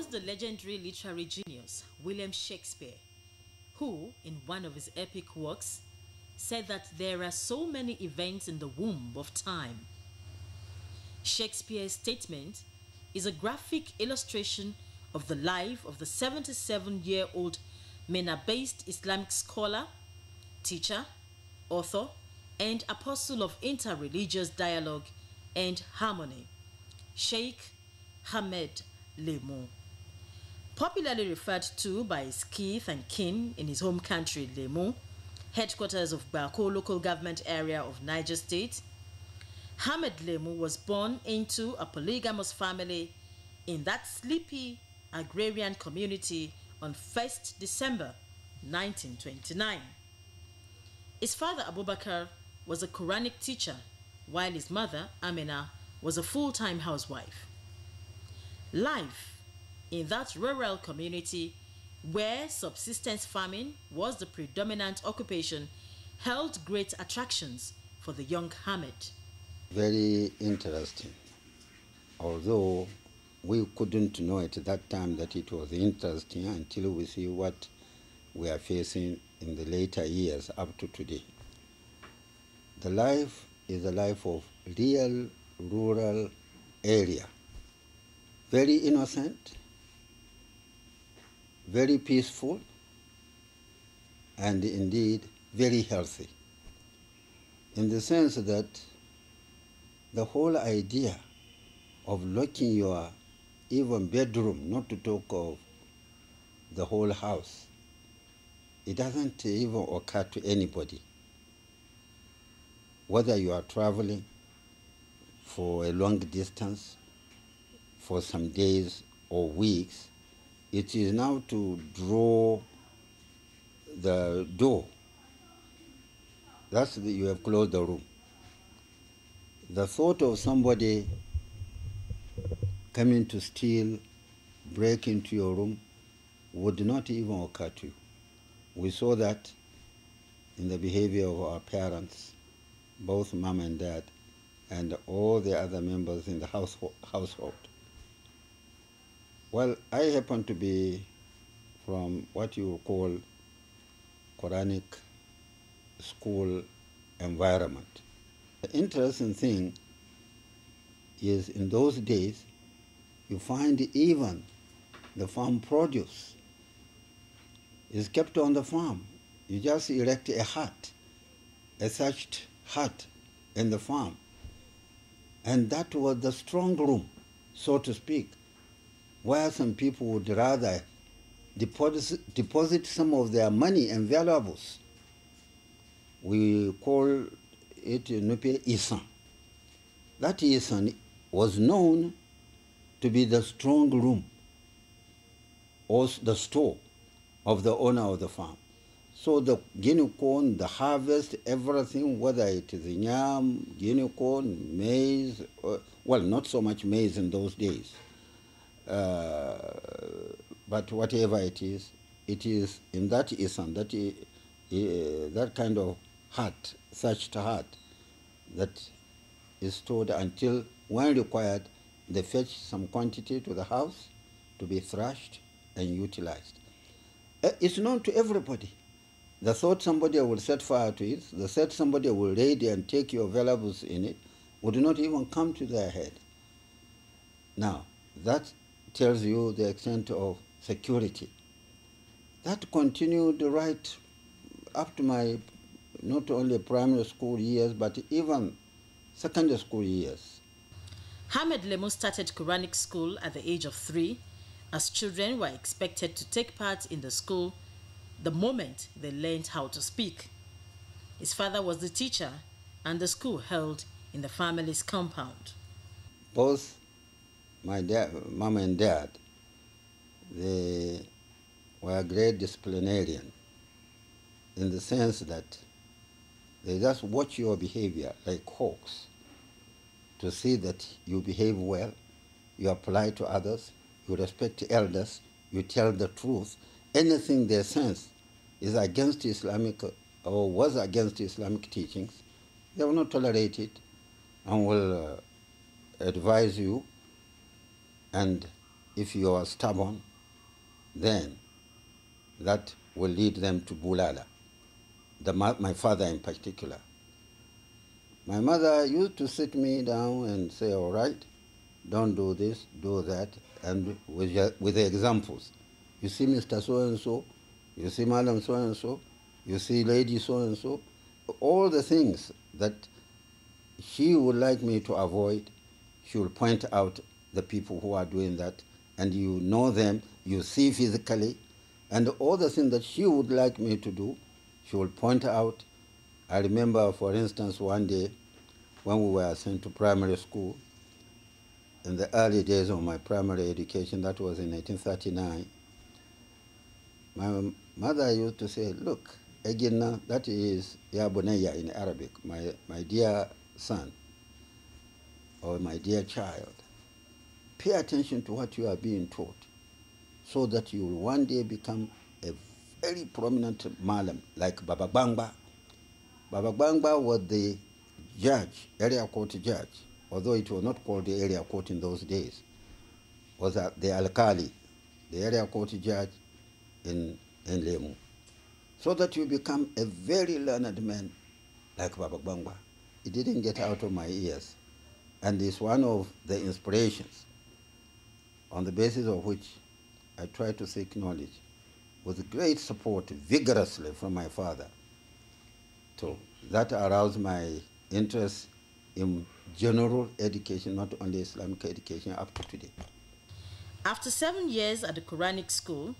was the legendary literary genius William Shakespeare, who, in one of his epic works, said that there are so many events in the womb of time. Shakespeare's statement is a graphic illustration of the life of the 77 year old Mena based Islamic scholar, teacher, author, and apostle of interreligious dialogue and harmony, Sheikh Hamed Lemon popularly referred to by his kith and kin in his home country, Lemo, headquarters of Bako local government area of Niger State, Hamed Lemu was born into a polygamous family in that sleepy agrarian community on 1st December 1929. His father Abubakar was a Quranic teacher, while his mother Amina was a full-time housewife. Life in that rural community where subsistence farming was the predominant occupation held great attractions for the young hermit. Very interesting. Although we couldn't know at that time that it was interesting until we see what we are facing in the later years up to today. The life is a life of real rural area. Very innocent, very peaceful and indeed very healthy in the sense that the whole idea of locking your even bedroom, not to talk of the whole house, it doesn't even occur to anybody. Whether you are traveling for a long distance, for some days or weeks, it is now to draw the door. That's the, you have closed the room. The thought of somebody coming to steal, break into your room, would not even occur to you. We saw that in the behavior of our parents, both mom and dad, and all the other members in the household. Well, I happen to be from what you call Quranic school environment. The interesting thing is in those days, you find even the farm produce is kept on the farm. You just erect a hut, a thatched hut in the farm. And that was the strong room, so to speak, where some people would rather deposit, deposit some of their money and valuables. We call it Nupe Isan. That Isan was known to be the strong room or the store of the owner of the farm. So the guinea corn, the harvest, everything, whether it is yam, guinea corn, maize, or, uh, well, not so much maize in those days. Uh, but whatever it is, it is in that Islam, that, uh, that kind of heart, such heart, that is stored until when required, they fetch some quantity to the house to be thrashed and utilized. Eh, it's known to everybody. The thought somebody will set fire to it, the thought somebody will raid and take your valuables in it, would not even come to their head. Now, that tells you the extent of security. That continued right up to my not only primary school years, but even secondary school years. Hamed Lemo started Quranic school at the age of three, as children were expected to take part in the school the moment they learned how to speak. His father was the teacher, and the school held in the family's compound. Both my dad, mom and dad, they were great disciplinarian in the sense that they just watch your behavior like hawks to see that you behave well, you apply to others, you respect elders, you tell the truth. Anything they sense is against Islamic or was against Islamic teachings, they will not tolerate it and will uh, advise you and if you are stubborn, then that will lead them to bulala. The, my father in particular. My mother used to sit me down and say, all right, don't do this, do that, and with, with the examples. You see Mr. So-and-so, you see Madam So-and-so, you see Lady So-and-so, all the things that she would like me to avoid, she will point out the people who are doing that, and you know them, you see physically, and all the things that she would like me to do, she will point out. I remember, for instance, one day when we were sent to primary school, in the early days of my primary education, that was in 1839, my mother used to say, look, again, that is Yaboneya in Arabic, my, my dear son or my dear child pay attention to what you are being taught so that you will one day become a very prominent malam like Baba Bangba. Baba Bangba was the judge, area court judge, although it was not called the area court in those days, was the alkali, the area court judge in, in Lemu. So that you become a very learned man like Baba Bangba. It didn't get out of my ears and is one of the inspirations on the basis of which I tried to seek knowledge, with great support vigorously from my father. So that aroused my interest in general education, not only Islamic education, up to today. After seven years at the Quranic school,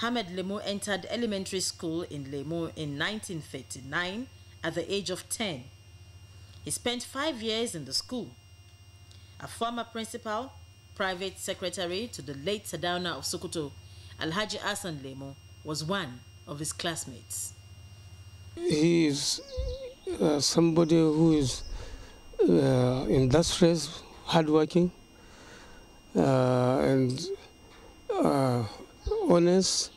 Hamed Lemo entered elementary school in Lemo in 1939 at the age of 10. He spent five years in the school. A former principal, private secretary to the late Sadauna of Sokoto, Alhaji Asan Lemo, was one of his classmates. He is uh, somebody who is uh, industrious, hardworking, uh, and uh, honest,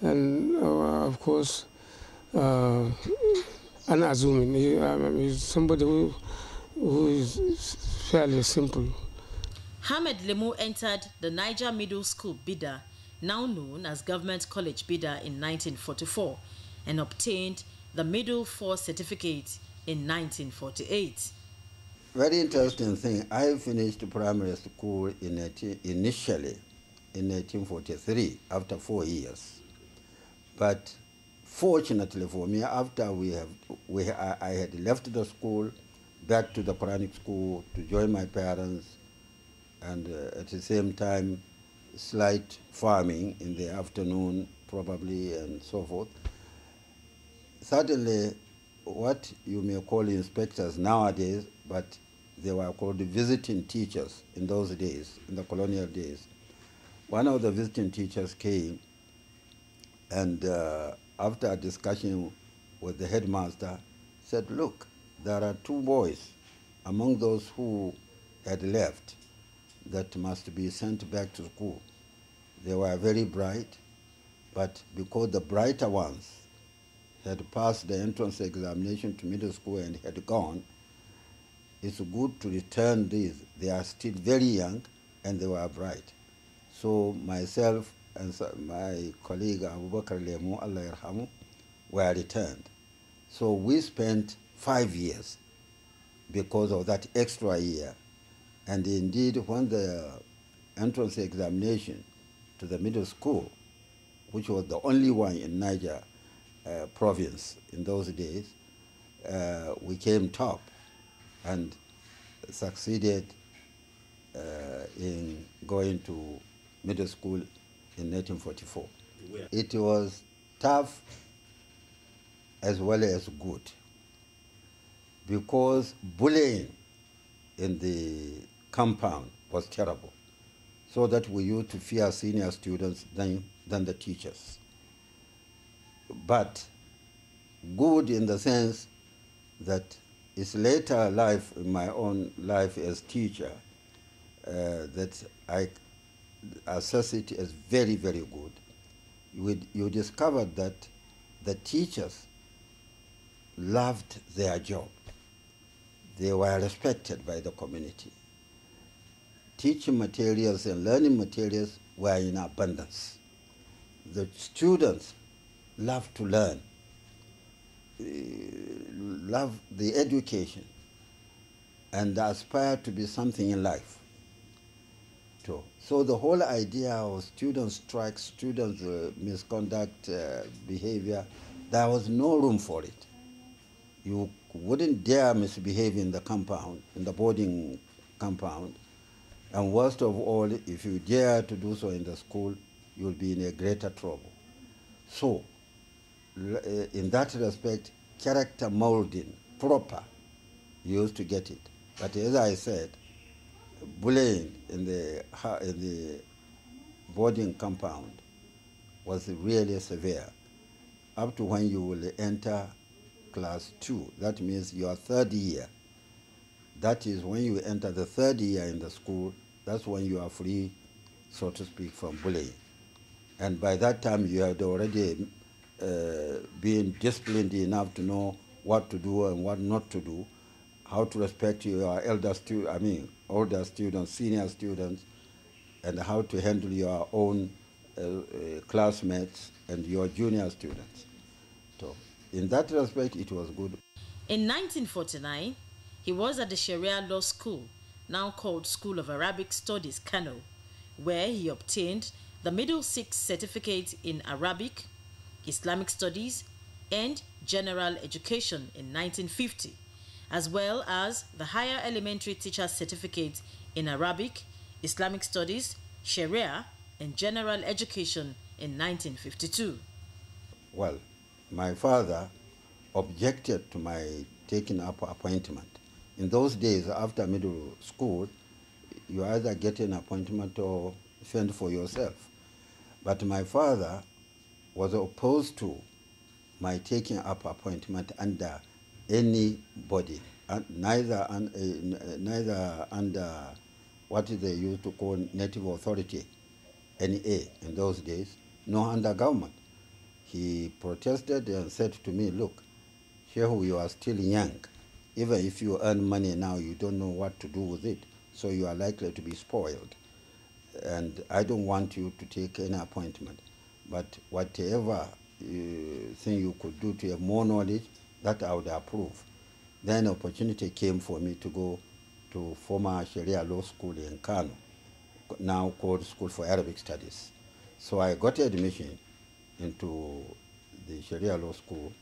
and uh, of course, uh, unassuming. He, I um, mean, he's somebody who, who is fairly simple. Hamed Lemu entered the Niger Middle School Bida, now known as Government College Bida, in 1944 and obtained the Middle Four Certificate in 1948. Very interesting thing. I finished primary school in 18, initially in 1943 after four years. But fortunately for me, after we have, we, I, I had left the school, back to the primary school to join my parents and uh, at the same time slight farming in the afternoon probably and so forth. Certainly what you may call inspectors nowadays, but they were called visiting teachers in those days, in the colonial days. One of the visiting teachers came and uh, after a discussion with the headmaster, said, look, there are two boys among those who had left that must be sent back to school. They were very bright, but because the brighter ones had passed the entrance examination to middle school and had gone, it's good to return these. They are still very young and they were bright. So myself and my colleague Abu Bakr Lemu, Allah were returned. So we spent five years because of that extra year and indeed, when the entrance examination to the middle school, which was the only one in Niger uh, province in those days, uh, we came top and succeeded uh, in going to middle school in 1944. Yeah. It was tough as well as good because bullying in the compound was terrible, so that we used to fear senior students than, than the teachers. But good in the sense that it's later life, in my own life as teacher, uh, that I assess it as very, very good. You, you discovered that the teachers loved their job. They were respected by the community teaching materials and learning materials were in abundance. The students love to learn, love the education, and aspire to be something in life. So, so the whole idea of student strikes, students' uh, misconduct, uh, behavior, there was no room for it. You wouldn't dare misbehave in the compound, in the boarding compound. And worst of all, if you dare to do so in the school, you'll be in a greater trouble. So, eh, in that respect, character molding proper, you used to get it. But as I said, bullying in the, in the boarding compound was really severe up to when you will enter class two. That means your third year. That is when you enter the third year in the school, that's when you are free, so to speak, from bullying. And by that time, you had already uh, been disciplined enough to know what to do and what not to do, how to respect your elder students, I mean, older students, senior students, and how to handle your own uh, uh, classmates and your junior students. So, in that respect, it was good. In 1949, he was at the Sharia Law School, now called School of Arabic Studies, Kano, where he obtained the Middle Six Certificate in Arabic, Islamic Studies, and General Education in 1950, as well as the Higher Elementary Teacher Certificate in Arabic, Islamic Studies, Sharia, and General Education in 1952. Well, my father objected to my taking up appointment in those days after middle school, you either get an appointment or fend for yourself. But my father was opposed to my taking up appointment under anybody, neither, eh, eh, neither under what they used to call native authority, NA in those days, nor under government. He protested and said to me, look, here you are still young. Even if you earn money now, you don't know what to do with it. So you are likely to be spoiled. And I don't want you to take any appointment. But whatever uh, thing you could do to have more knowledge, that I would approve. Then opportunity came for me to go to former Sharia Law School in Kano, now called School for Arabic Studies. So I got admission into the Sharia Law School,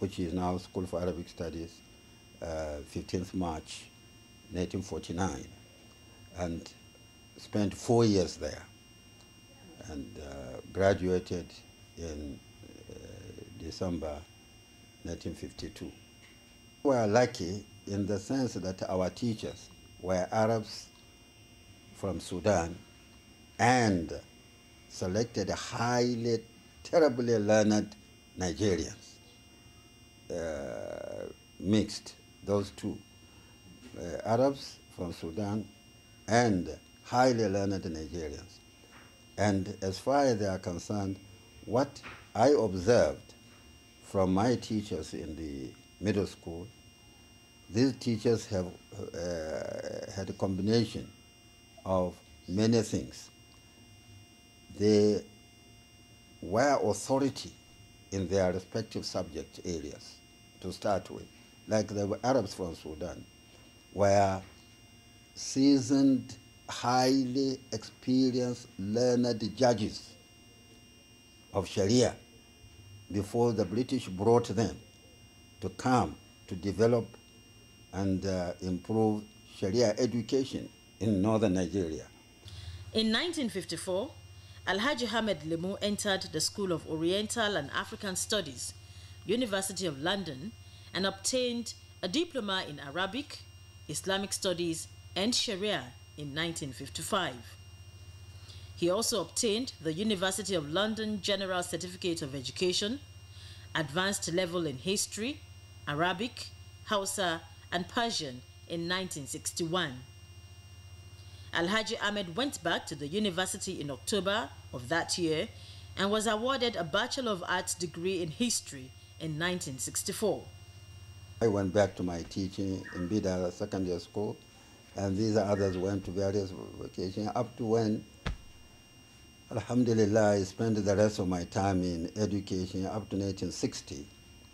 which is now School for Arabic Studies, 15th uh, March 1949 and spent four years there and uh, graduated in uh, December 1952. We were lucky in the sense that our teachers were Arabs from Sudan and selected highly, terribly learned Nigerians, uh, mixed those two uh, Arabs from Sudan and highly learned Nigerians. And as far as they are concerned, what I observed from my teachers in the middle school, these teachers have uh, had a combination of many things. They were authority in their respective subject areas to start with like the Arabs from Sudan, were seasoned, highly experienced, learned judges of Sharia before the British brought them to come to develop and uh, improve Sharia education in northern Nigeria. In 1954, Alhaji Hamed Limu entered the School of Oriental and African Studies, University of London, and obtained a diploma in Arabic, Islamic Studies, and Sharia in 1955. He also obtained the University of London General Certificate of Education, advanced level in history, Arabic, Hausa, and Persian in 1961. Alhaji Ahmed went back to the university in October of that year and was awarded a Bachelor of Arts degree in history in 1964. I went back to my teaching in Bida Secondary School, and these others went to various vocations, up to when, alhamdulillah, I spent the rest of my time in education up to 1960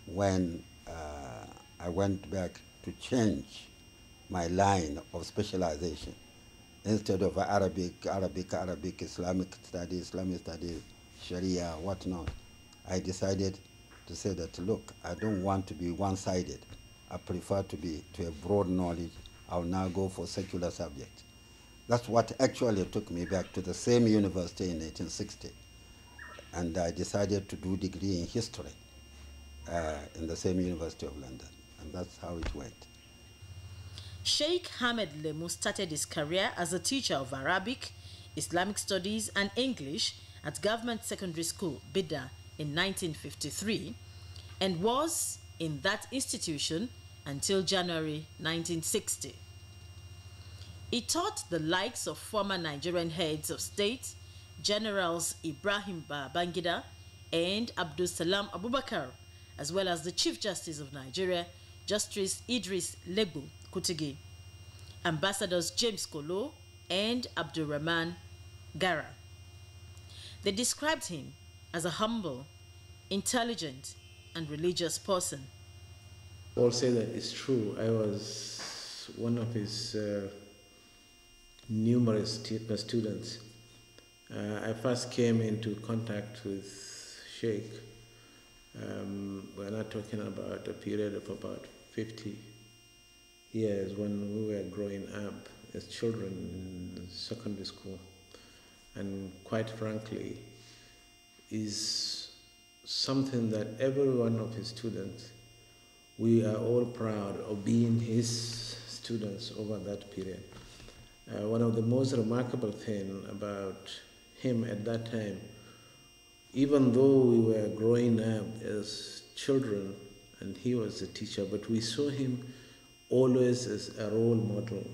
when uh, I went back to change my line of specialization. Instead of Arabic, Arabic, Arabic, Islamic studies, Islamic studies, Sharia, whatnot, I decided to say that, look, I don't want to be one-sided. I prefer to be to a broad knowledge. I'll now go for secular subjects. That's what actually took me back to the same university in 1860. And I decided to do degree in history uh, in the same University of London. And that's how it went. Sheikh Hamed Lemu started his career as a teacher of Arabic, Islamic studies and English at Government Secondary School, Bida, in 1953 and was in that institution until January 1960. He taught the likes of former Nigerian heads of state, Generals Ibrahim Babangida and Abdul Salam Abubakar, as well as the Chief Justice of Nigeria, Justice Idris Legbo Kutigi, Ambassadors James Kolo and Abdurrahman Gara. They described him as a humble, intelligent, and religious person all say that it's true. I was one of his uh, numerous uh, students. Uh, I first came into contact with Sheikh. Um, we're not talking about a period of about 50 years when we were growing up as children in secondary school. And quite frankly, is something that every one of his students we are all proud of being his students over that period. Uh, one of the most remarkable things about him at that time, even though we were growing up as children and he was a teacher, but we saw him always as a role model.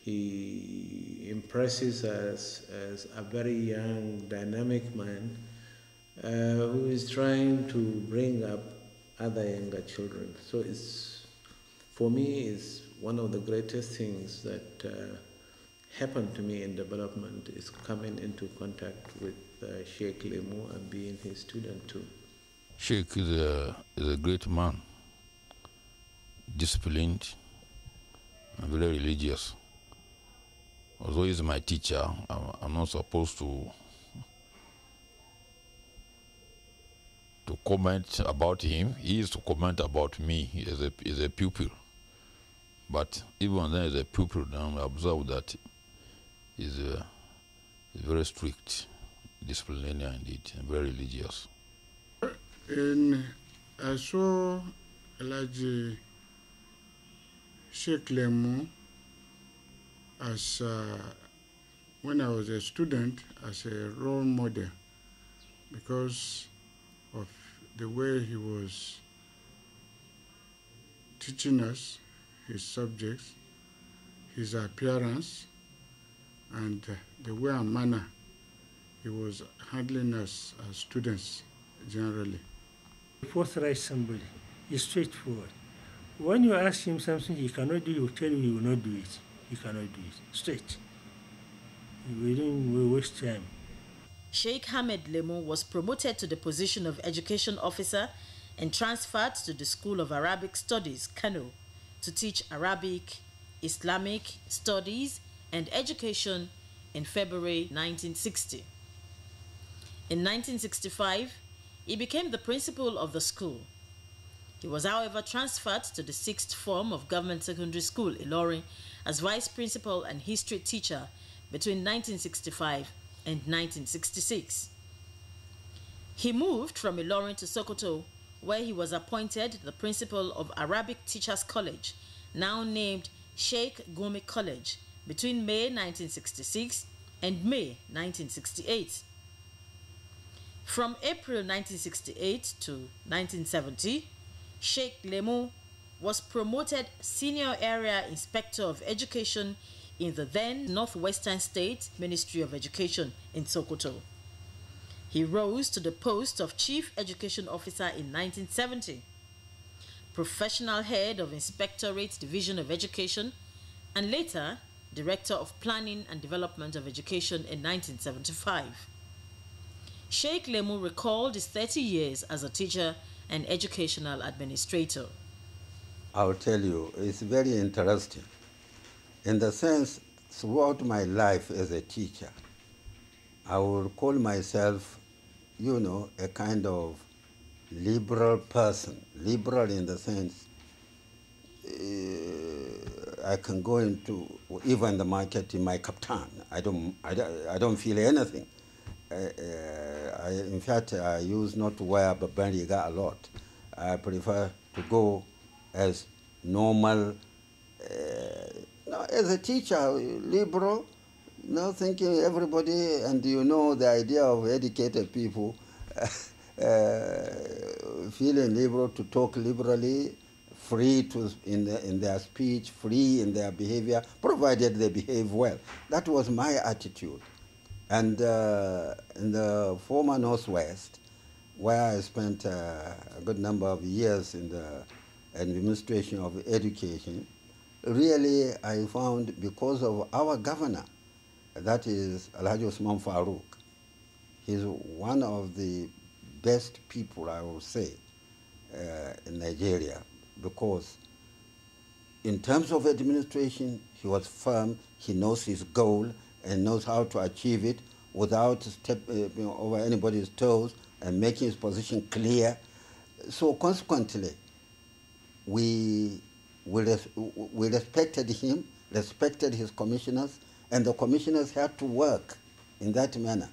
He impresses us as a very young, dynamic man uh, who is trying to bring up other younger children. So it's, for me, is one of the greatest things that uh, happened to me in development is coming into contact with uh, Sheikh Lemu and being his student too. Sheikh is a, is a great man, disciplined, and very religious. Although he's my teacher, I'm, I'm not supposed to to comment about him. He used to comment about me as a, as a pupil. But even then, as a pupil, now I observe that he's, a, he's very strict, disciplinarian indeed, and very religious. And I saw Elijah Sheikh Lemu as uh, when I was a student as a role model because the way he was teaching us his subjects, his appearance, and the way and manner he was handling us as students generally. Forthright somebody He's straightforward. When you ask him something he cannot do, he will tell you he will not do it. He cannot do it. Straight. We don't we waste time. Sheikh Hamed Lemo was promoted to the position of Education Officer and transferred to the School of Arabic Studies, Kano, to teach Arabic, Islamic Studies, and Education in February 1960. In 1965, he became the principal of the school. He was, however, transferred to the sixth form of Government Secondary School, Ilorin, as vice principal and history teacher between 1965 and 1966. He moved from Ilorin to Sokoto, where he was appointed the principal of Arabic Teachers College, now named Sheikh Gumi College, between May 1966 and May 1968. From April 1968 to 1970, Sheikh Lemo was promoted Senior Area Inspector of Education in the then Northwestern State Ministry of Education in Sokoto. He rose to the post of Chief Education Officer in 1970, Professional Head of Inspectorate Division of Education, and later Director of Planning and Development of Education in 1975. Sheikh Lemu recalled his 30 years as a teacher and educational administrator. I'll tell you, it's very interesting. In the sense, throughout my life as a teacher, I will call myself, you know, a kind of liberal person. Liberal in the sense, uh, I can go into even the market in my kaftan. I don't, I don't, I don't feel anything. Uh, I, in fact, I use not to wear babariga a lot. I prefer to go as normal as a teacher, liberal, you thinking everybody, and you know the idea of educated people uh, feeling liberal to talk liberally, free to, in, the, in their speech, free in their behavior, provided they behave well. That was my attitude. And uh, in the former Northwest, where I spent uh, a good number of years in the administration of education, really I found because of our governor, that is Alhaji Usman Farouk. He's one of the best people, I will say, uh, in Nigeria because in terms of administration, he was firm, he knows his goal and knows how to achieve it without stepping uh, over anybody's toes and making his position clear. So consequently, we we, res we respected him, respected his commissioners, and the commissioners had to work in that manner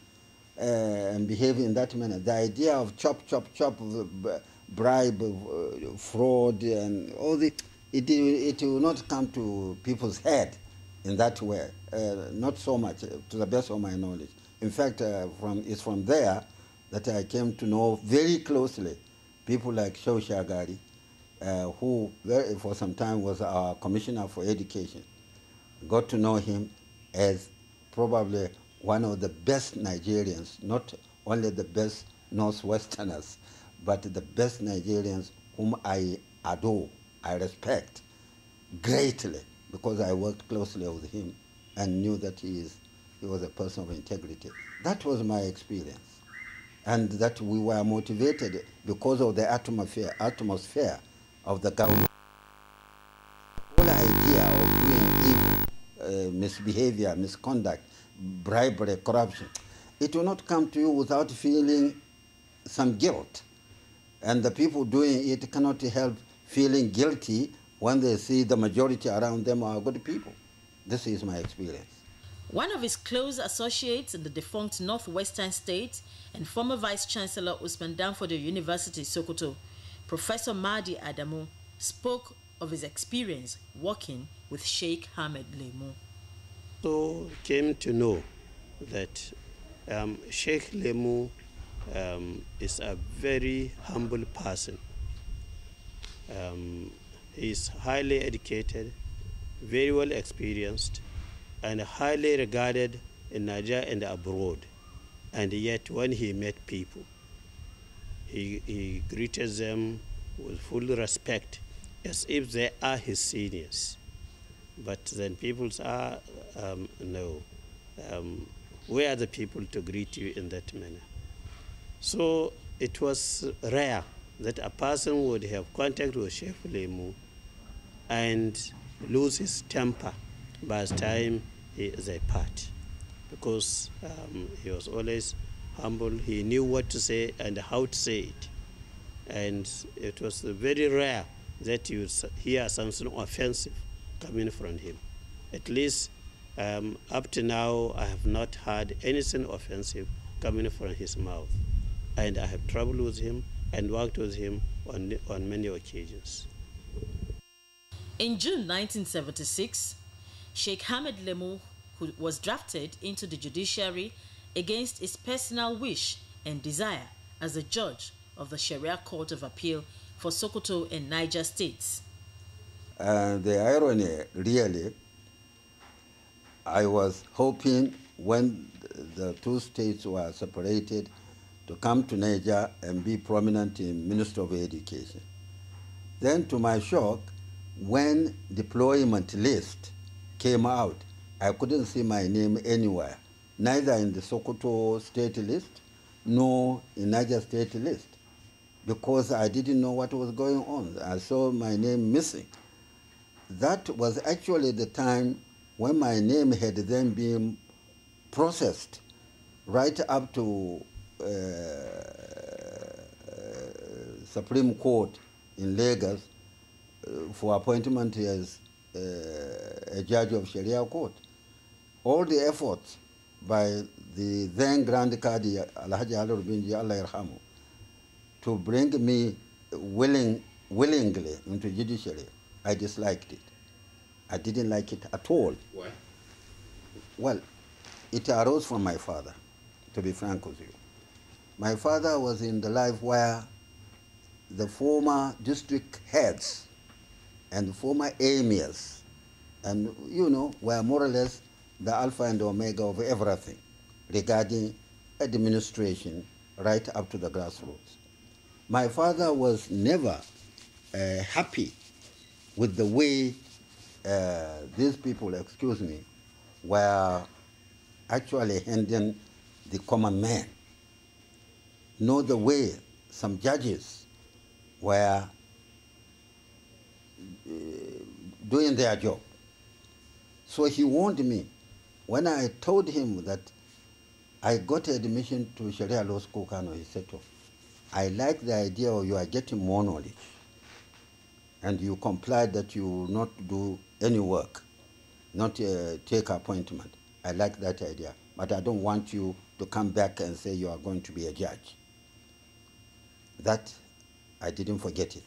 uh, and behave in that manner. The idea of chop, chop, chop, bribe, uh, fraud, and all the it, it will not come to people's head in that way. Uh, not so much, eh, to the best of my knowledge. In fact, from it's from there that I came to know very closely people like Shosha Gari, uh, who very, for some time was our commissioner for education, got to know him as probably one of the best Nigerians, not only the best Northwesterners, but the best Nigerians whom I adore, I respect greatly because I worked closely with him and knew that he, is, he was a person of integrity. That was my experience. And that we were motivated because of the atmosphere, atmosphere of the government. The whole idea of doing evil, uh, misbehavior, misconduct, bribery, corruption, it will not come to you without feeling some guilt. And the people doing it cannot help feeling guilty when they see the majority around them are good people. This is my experience. One of his close associates in the defunct Northwestern State and former Vice Chancellor Usman Danford University, Sokoto, Professor Madi Adamu spoke of his experience working with Sheikh Ahmed Lemu. So came to know that um, Sheikh Lemu um, is a very humble person. Um, he is highly educated, very well experienced, and highly regarded in Nigeria and abroad. And yet, when he met people, he, he greeted them with full respect as if they are his seniors. But then people are, um, no, um, where are the people to greet you in that manner? So it was rare that a person would have contact with Chef Lemu and lose his temper by the time he is a part because um, he was always humble. He knew what to say and how to say it. And it was very rare that you hear something offensive coming from him. At least um, up to now, I have not heard anything offensive coming from his mouth. And I have traveled with him and worked with him on, on many occasions. In June 1976, Sheikh Ahmed Lemu, who was drafted into the judiciary against his personal wish and desire as a judge of the Sharia Court of Appeal for Sokoto and Niger states. And uh, the irony, really, I was hoping when the two states were separated to come to Niger and be prominent in Minister of Education. Then to my shock, when deployment list came out, I couldn't see my name anywhere neither in the Sokoto state list nor in Niger state list because I didn't know what was going on. I saw my name missing. That was actually the time when my name had then been processed right up to uh, uh Supreme Court in Lagos uh, for appointment as uh, a judge of Sharia court. All the efforts by the then Grand Qadi Alhaji Alur Binji Allah Irhamu to bring me willing, willingly into judiciary, I disliked it. I didn't like it at all. Why? Well, it arose from my father, to be frank with you. My father was in the life where the former district heads and former emirs and you know were more or less the Alpha and Omega of everything regarding administration right up to the grassroots. My father was never uh, happy with the way uh, these people, excuse me, were actually handling the common man. Know the way some judges were uh, doing their job. So he warned me when I told him that I got admission to Sharia Law School, Kano, he said, oh, I like the idea of you are getting more knowledge and you complied that you will not do any work, not uh, take appointment. I like that idea, but I don't want you to come back and say you are going to be a judge. That, I didn't forget it.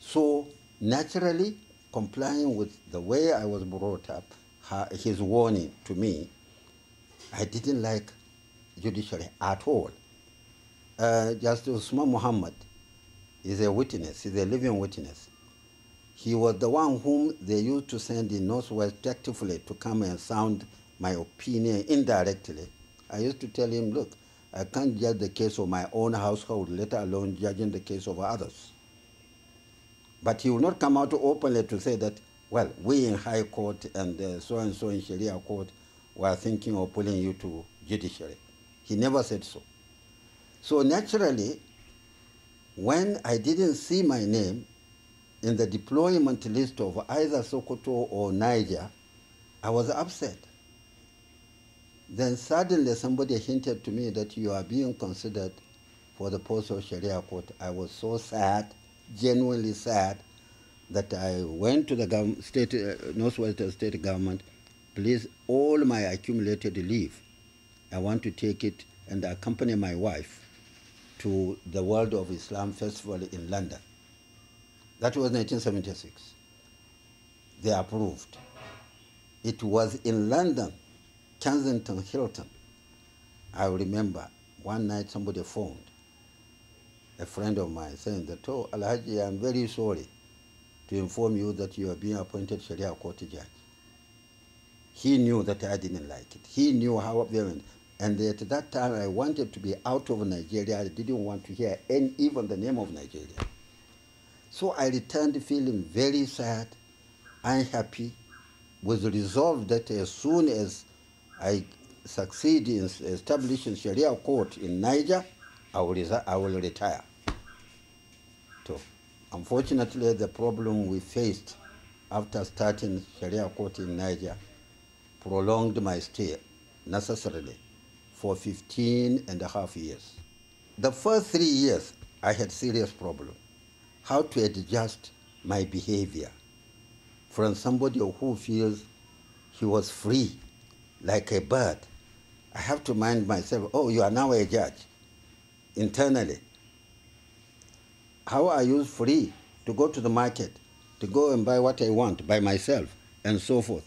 So naturally, complying with the way I was brought up, her, his warning to me, I didn't like judiciary at all. Uh, just Usman Muhammad is a witness, he's a living witness. He was the one whom they used to send in Northwest tactfully to come and sound my opinion indirectly. I used to tell him, look, I can't judge the case of my own household, let alone judging the case of others. But he will not come out openly to say that well, we in High Court and uh, so and so in Sharia Court were thinking of pulling you to judiciary. He never said so. So naturally, when I didn't see my name in the deployment list of either Sokoto or Niger, I was upset. Then suddenly somebody hinted to me that you are being considered for the post of Sharia court. I was so sad, genuinely sad, that I went to the gov- state, uh, Northwestern state government, please, all my accumulated leave, I want to take it and accompany my wife to the World of Islam Festival in London. That was 1976. They approved. It was in London, Kensington Hilton. I remember one night somebody phoned, a friend of mine, saying that, oh, Alhaji, I'm very sorry to inform you that you are being appointed Sharia court judge. He knew that I didn't like it. He knew how violent. And at that time, I wanted to be out of Nigeria. I didn't want to hear any, even the name of Nigeria. So I returned feeling very sad, unhappy, was resolved that as soon as I succeed in establishing Sharia court in Niger, I will, I will retire. So, Unfortunately, the problem we faced after starting Sharia court in Niger prolonged my stay necessarily for 15 and a half years. The first three years, I had serious problem. How to adjust my behavior from somebody who feels he was free, like a bird. I have to mind myself, oh, you are now a judge internally how I use free to go to the market, to go and buy what I want by myself, and so forth.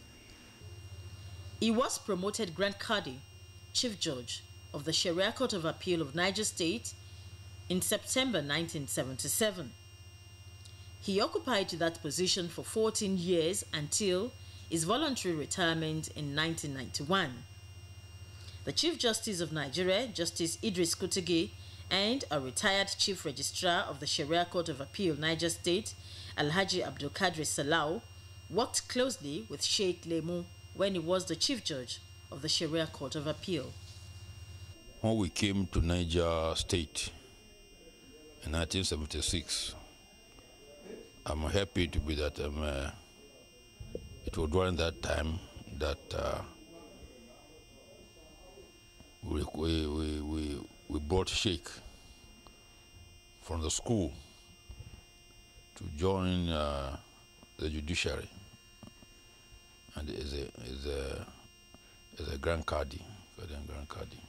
He was promoted Grand Cadi, Chief Judge of the Sharia Court of Appeal of Niger State in September 1977. He occupied that position for 14 years until his voluntary retirement in 1991. The Chief Justice of Nigeria, Justice Idris Kutege, and a retired Chief Registrar of the Sharia Court of Appeal, Niger State, Alhaji Abdul Kadri Salau, worked closely with Sheikh Lemu when he was the Chief Judge of the Sharia Court of Appeal. When we came to Niger State in 1976, I'm happy to be that um, uh, it was during that time that uh, we, we, we, we we brought Sheikh from the school to join uh, the judiciary and is a, is a, is a grand cadi, grand cadi.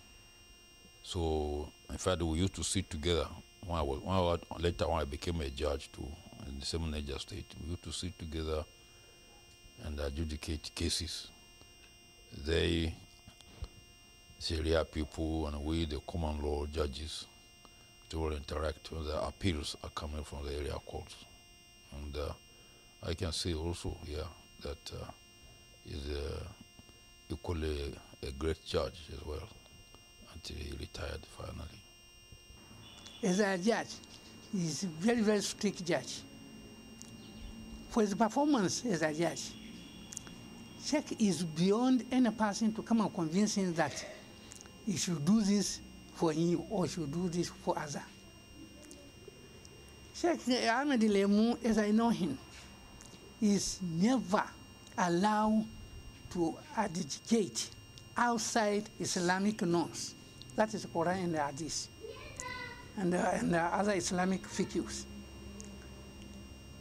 So in fact, we used to sit together. When I was, when I was, later when I became a judge too in the same Niger state, we used to sit together and adjudicate cases. They Syria people and we, the common law judges, to interact the appeals are coming from the area courts. And uh, I can see also here that uh, uh, equally a great judge as well until he retired finally. As a judge, he's a very, very strict judge. For his performance as a judge, check is beyond any person to come and convince him that you should do this for you or should do this for other. Sheikh Ahmed Lemu, as I know him, is never allowed to adjudicate outside Islamic norms. That is Quran and Hadith and, uh, and uh, other Islamic figures.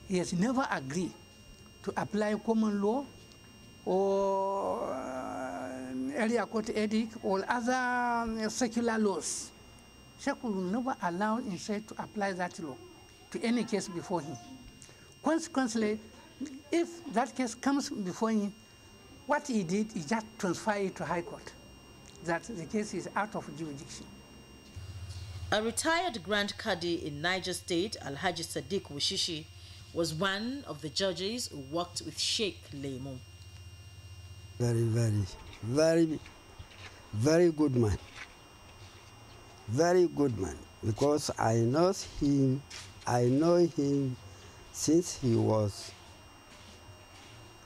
He has never agreed to apply common law or area court edict or other uh, secular laws, Sheikh will never allow himself to apply that law to any case before him. Consequently, if that case comes before him, what he did is just transfer it to High Court, that the case is out of jurisdiction. A retired Grand Cadi in Niger State, Alhaji Sadiq Wushishi, was one of the judges who worked with Sheikh Lemo. Very, very very, very good man. Very good man. Because I know him, I know him since he was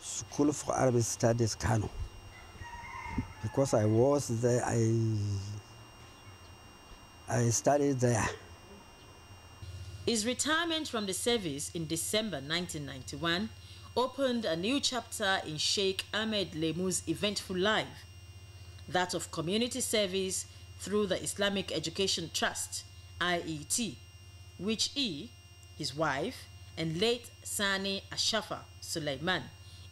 School for Arabic Studies, Kano. Because I was there, I, I studied there. His retirement from the service in December 1991 opened a new chapter in Sheikh Ahmed Lemu's eventful life, that of community service through the Islamic Education Trust, IET, which he, his wife, and late Sani Ashafa Suleiman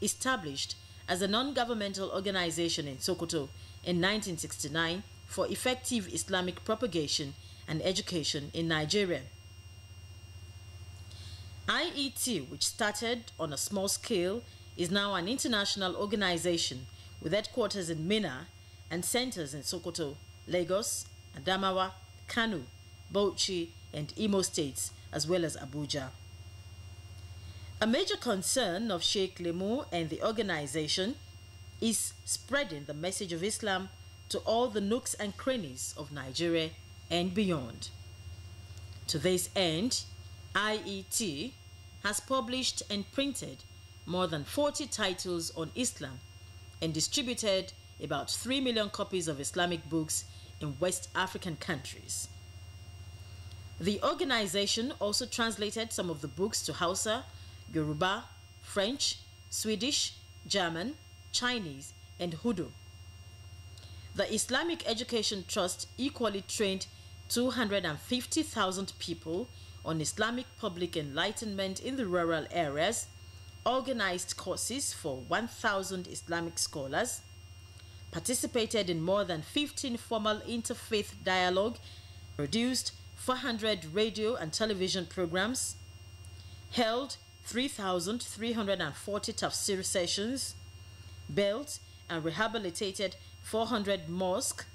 established as a non-governmental organization in Sokoto in 1969 for effective Islamic propagation and education in Nigeria. IET, which started on a small scale, is now an international organization with headquarters in Mina and centers in Sokoto, Lagos, Adamawa, Kanu, Bauchi, and Imo states, as well as Abuja. A major concern of Sheikh Lemu and the organization is spreading the message of Islam to all the nooks and crannies of Nigeria and beyond. To this end, IET, has published and printed more than 40 titles on Islam and distributed about 3 million copies of Islamic books in West African countries. The organization also translated some of the books to Hausa, Yoruba, French, Swedish, German, Chinese, and Hudu. The Islamic Education Trust equally trained 250,000 people on Islamic public enlightenment in the rural areas, organized courses for 1,000 Islamic scholars, participated in more than 15 formal interfaith dialogue, produced 400 radio and television programs, held 3,340 tafsir sessions, built and rehabilitated 400 mosques,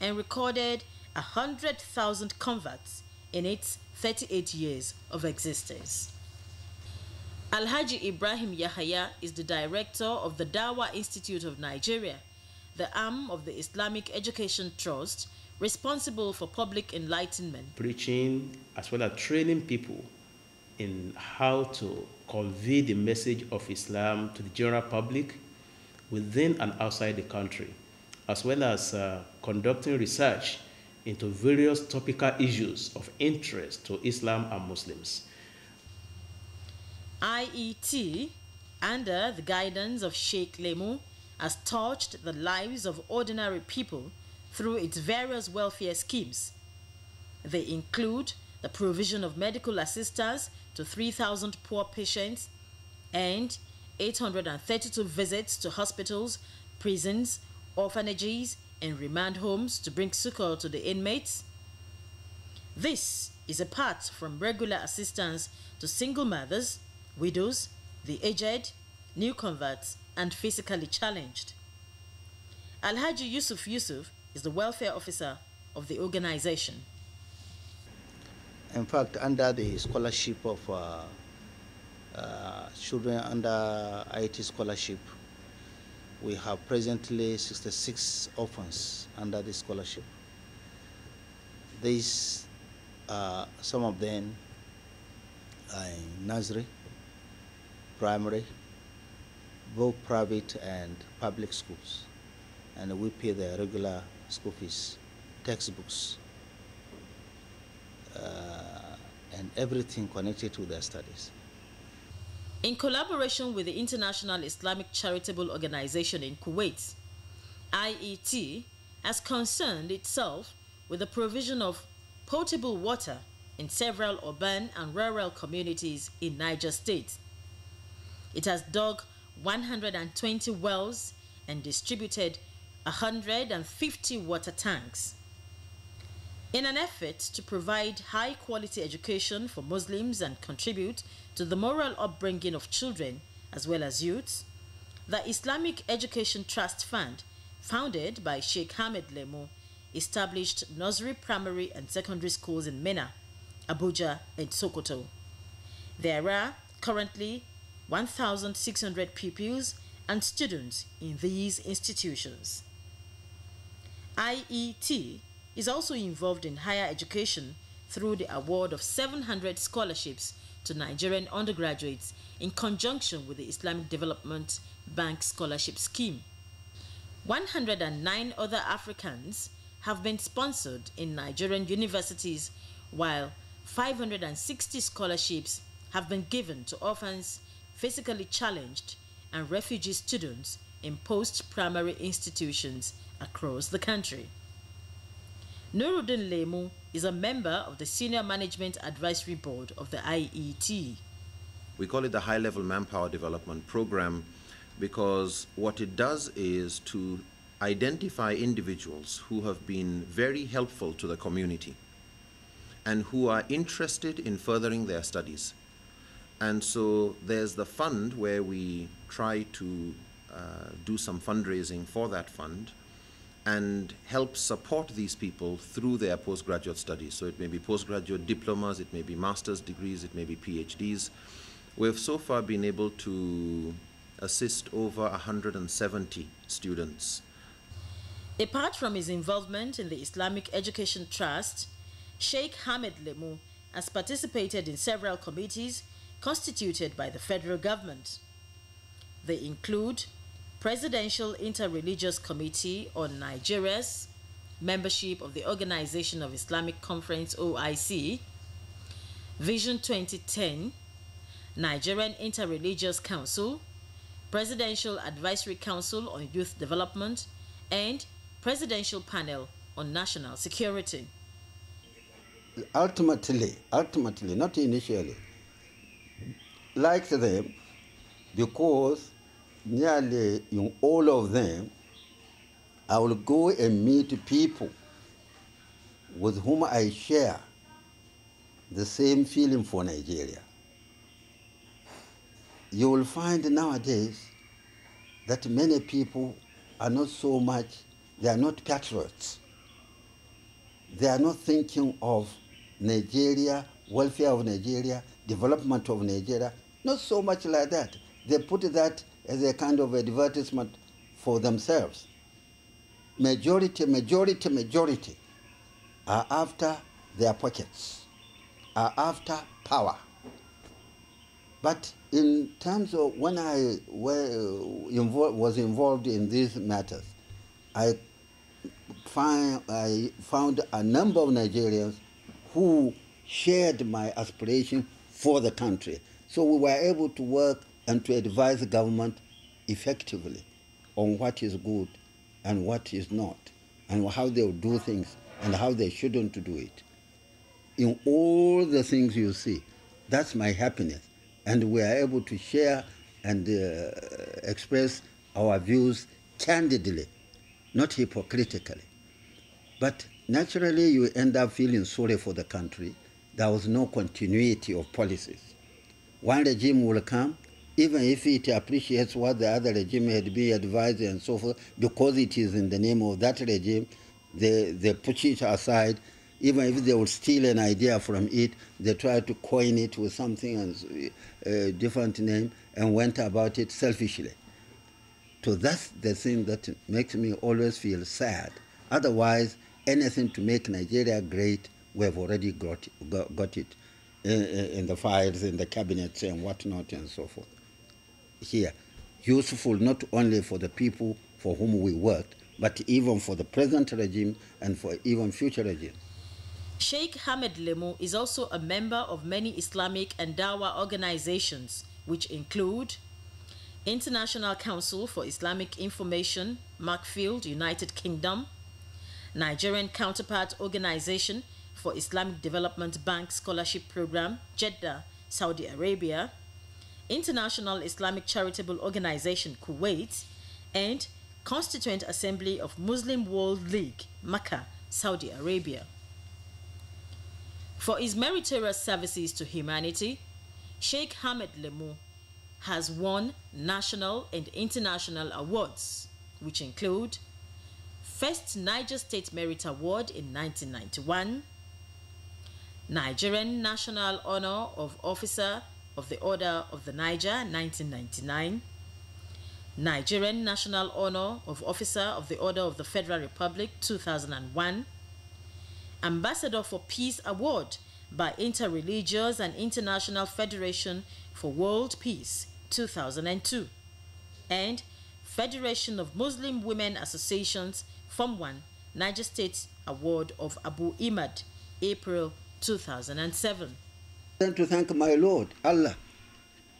and recorded 100,000 converts in its 38 years of existence. Alhaji Ibrahim Yahaya is the director of the Dawa Institute of Nigeria, the arm of the Islamic Education Trust, responsible for public enlightenment. Preaching as well as training people in how to convey the message of Islam to the general public within and outside the country, as well as uh, conducting research into various topical issues of interest to Islam and Muslims. IET, under the guidance of Sheikh Lemu, has touched the lives of ordinary people through its various welfare schemes. They include the provision of medical assistance to 3,000 poor patients and 832 visits to hospitals, prisons, orphanages, in remand homes to bring succor to the inmates? This is apart from regular assistance to single mothers, widows, the aged, new converts, and physically challenged. Alhaji Yusuf Yusuf is the welfare officer of the organization. In fact, under the scholarship of uh, uh, children under IT scholarship, we have presently 66 orphans under this scholarship. These, uh, some of them are in nursery, primary, both private and public schools, and we pay their regular school fees, textbooks, uh, and everything connected to their studies in collaboration with the International Islamic Charitable Organization in Kuwait, IET has concerned itself with the provision of potable water in several urban and rural communities in Niger State. It has dug 120 wells and distributed 150 water tanks. In an effort to provide high quality education for Muslims and contribute to the moral upbringing of children as well as youths, the Islamic Education Trust Fund, founded by Sheikh Ahmed Lemo, established nursery, primary, and secondary schools in Mena, Abuja, and Sokoto. There are currently 1,600 pupils and students in these institutions. IET is also involved in higher education through the award of 700 scholarships to Nigerian undergraduates in conjunction with the Islamic Development Bank Scholarship Scheme. 109 other Africans have been sponsored in Nigerian universities, while 560 scholarships have been given to orphans, physically challenged, and refugee students in post primary institutions across the country. Nuruddin Lemu is a member of the Senior Management Advisory Board of the IET. We call it the High Level Manpower Development Program because what it does is to identify individuals who have been very helpful to the community and who are interested in furthering their studies. And so there's the fund where we try to uh, do some fundraising for that fund and help support these people through their postgraduate studies. So it may be postgraduate diplomas, it may be master's degrees, it may be PhDs. We've so far been able to assist over 170 students. Apart from his involvement in the Islamic Education Trust, Sheikh Hamid Lemu has participated in several committees constituted by the federal government. They include Presidential Interreligious Committee on Nigeria's membership of the Organization of Islamic Conference OIC, Vision 2010, Nigerian Interreligious Council, Presidential Advisory Council on Youth Development, and Presidential Panel on National Security. Ultimately, ultimately, not initially, liked them because nearly in all of them, I will go and meet people with whom I share the same feeling for Nigeria. You will find nowadays that many people are not so much, they are not patriots. They are not thinking of Nigeria, welfare of Nigeria, development of Nigeria, not so much like that. They put that as a kind of advertisement for themselves. Majority, majority, majority are after their pockets, are after power. But in terms of when I was involved in these matters, I find, I found a number of Nigerians who shared my aspiration for the country. So we were able to work and to advise the government effectively on what is good and what is not, and how they will do things and how they shouldn't do it. In all the things you see, that's my happiness. And we are able to share and uh, express our views candidly, not hypocritically. But naturally, you end up feeling sorry for the country. There was no continuity of policies. One regime will come, even if it appreciates what the other regime had been advised and so forth, because it is in the name of that regime, they, they push it aside. Even if they would steal an idea from it, they try to coin it with something and a uh, different name and went about it selfishly. So that's the thing that makes me always feel sad. Otherwise, anything to make Nigeria great, we have already got, got, got it in, uh, uh, in the files, in the cabinets, and whatnot, and so forth here, useful not only for the people for whom we worked, but even for the present regime and for even future regimes. Sheikh Hamed Lemu is also a member of many Islamic and Dawa organizations, which include International Council for Islamic Information, Markfield, United Kingdom, Nigerian Counterpart Organization for Islamic Development Bank Scholarship Program, Jeddah, Saudi Arabia, International Islamic Charitable Organization Kuwait, and Constituent Assembly of Muslim World League, Makkah, Saudi Arabia. For his meritorious services to humanity, Sheikh Hamed Lemu has won national and international awards, which include First Niger State Merit Award in 1991, Nigerian National Honor of Officer of the Order of the Niger 1999, Nigerian National Honor of Officer of the Order of the Federal Republic 2001, Ambassador for Peace Award by Interreligious and International Federation for World Peace 2002, and Federation of Muslim Women Associations Form 1 Niger State Award of Abu Imad April 2007 to thank my Lord, Allah,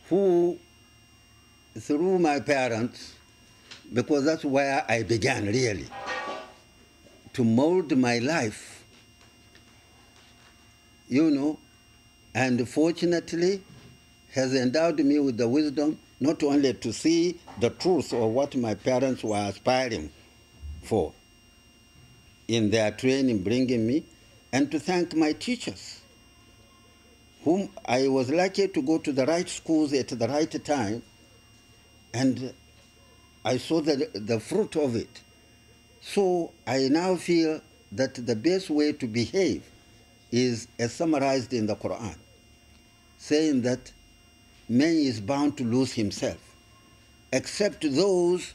who through my parents, because that's where I began really, to mold my life, you know, and fortunately has endowed me with the wisdom not only to see the truth of what my parents were aspiring for in their training, bringing me, and to thank my teachers whom I was lucky to go to the right schools at the right time, and I saw the, the fruit of it. So I now feel that the best way to behave is as summarized in the Quran, saying that man is bound to lose himself, except those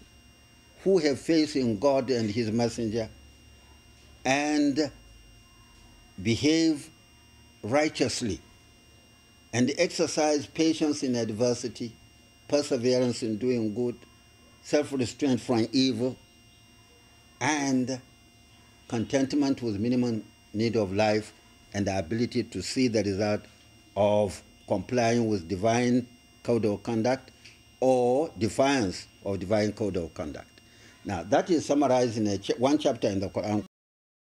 who have faith in God and His Messenger and behave righteously and exercise patience in adversity, perseverance in doing good, self restraint from evil, and contentment with minimum need of life and the ability to see the result of complying with divine code of conduct or defiance of divine code of conduct. Now, that is summarized in ch- one chapter in the Quran